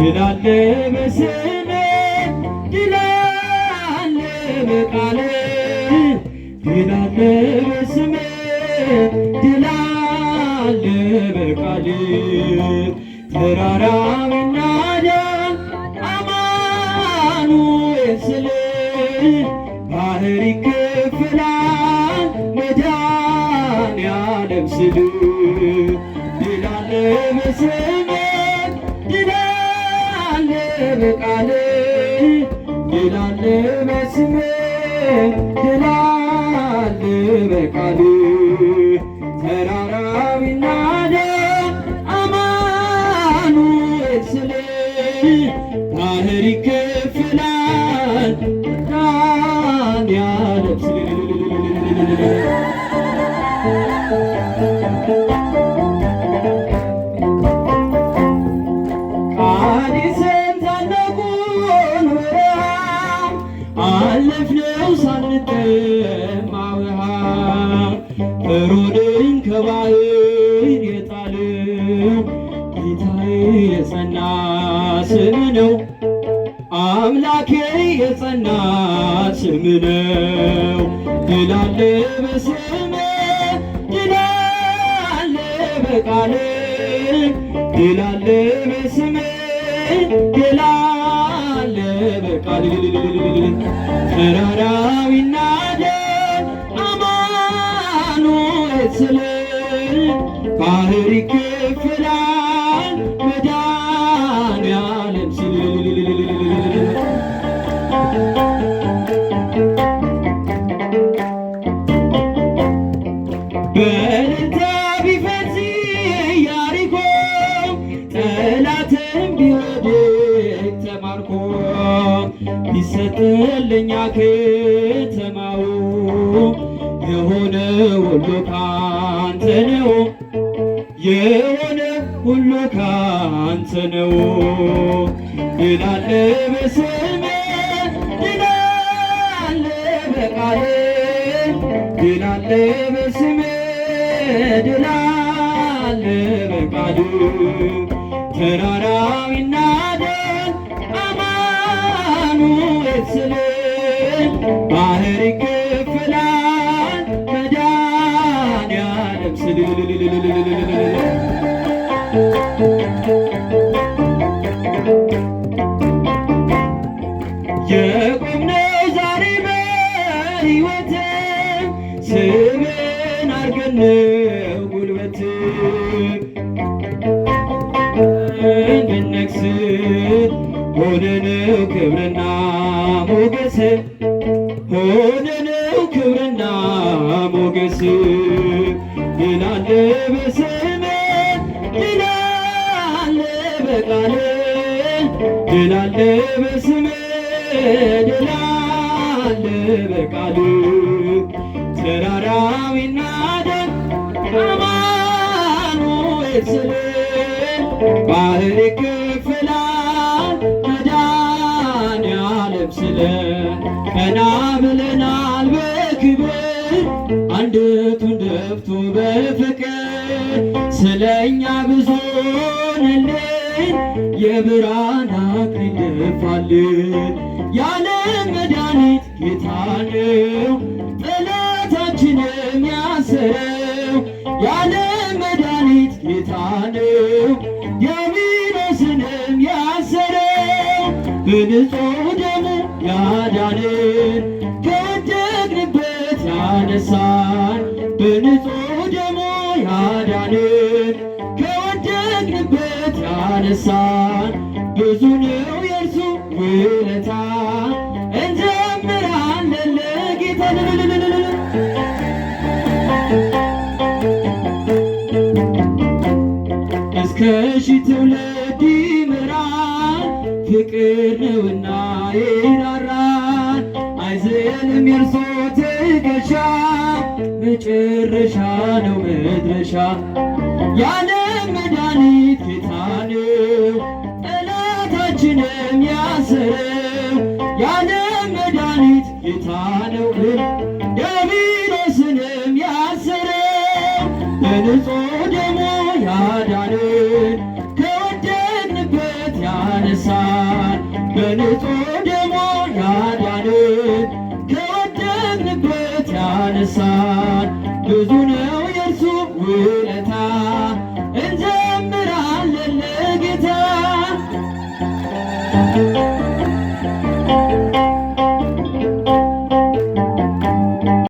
ድላለ በስመ ድላለ በቃለ ድላለ ድላለ ተራራ መናዳ አማኑኤል ስል ባህር ይከፍላል ስል ድላለ በቃል ይላል መስሜ ይላል በቃል ተራራዊና አለፍነው ሳንጠማ ውሃ ጥሩንን ከባህር ጌታዬ የጸና ስም ነው። አምላኬ የጸና ስም ነው። ድል አለ በስም በቃል በቃል ተራራው ይናደድ አማኑኤል ይሰጥልኛ ከተማው የሆነ ሁሉ ካንተ ነው የሆነ ሁሉ ካንተ ነው ይላል በስሜ ይላል ይላል በስሜ ይላል የቁም ነው ዛሬ በሕይወት ስምን አርገነው ጉልበት እንድነግስ ሆነነው ክብርና ሞገስ ሆነነው ክብርና ሞገስ ይላል በስም ድል አለ በስምህ ድል አለ በቃልህ ተራራው ይናደድ አማኑኤል ስምህ ባህር ቀና ብለናል በክብር አንድቱን ደፍቶ በፍቅር ስለኛ ብዙ የብርሃን አክሊል ደፋልን። የዓለም መድኃኒት ጌታ ነው፣ ጠላታችንም ያሰረው። የዓለም መድኃኒት ጌታ ነው፣ ዲያብሎስንም ያሰረው። በንጹሕ ደሙ ያዳነን ከወደቅንበት ያነሳን፣ በንጹሕ ደሙ ያዳነን ያስነሳል። ብዙ ነው የእርሱ ውለታ እንዘምራለን ለጌታ እስከ ሺህ ትውልድ ይምራል ፍቅር ነውና የእርሱ ትከሻ መጨረሻ ነው መድረሻ ያለ መዳኒ በንጹሕ ደሙ ያዳነን ከወደቅንበት ያነሳን በንጹሕ ደሙ ያዳነን ከወደቅንበት ያነሳን ብዙ ነው የእርሱ ውለታ እንዘምራለን ለጌታ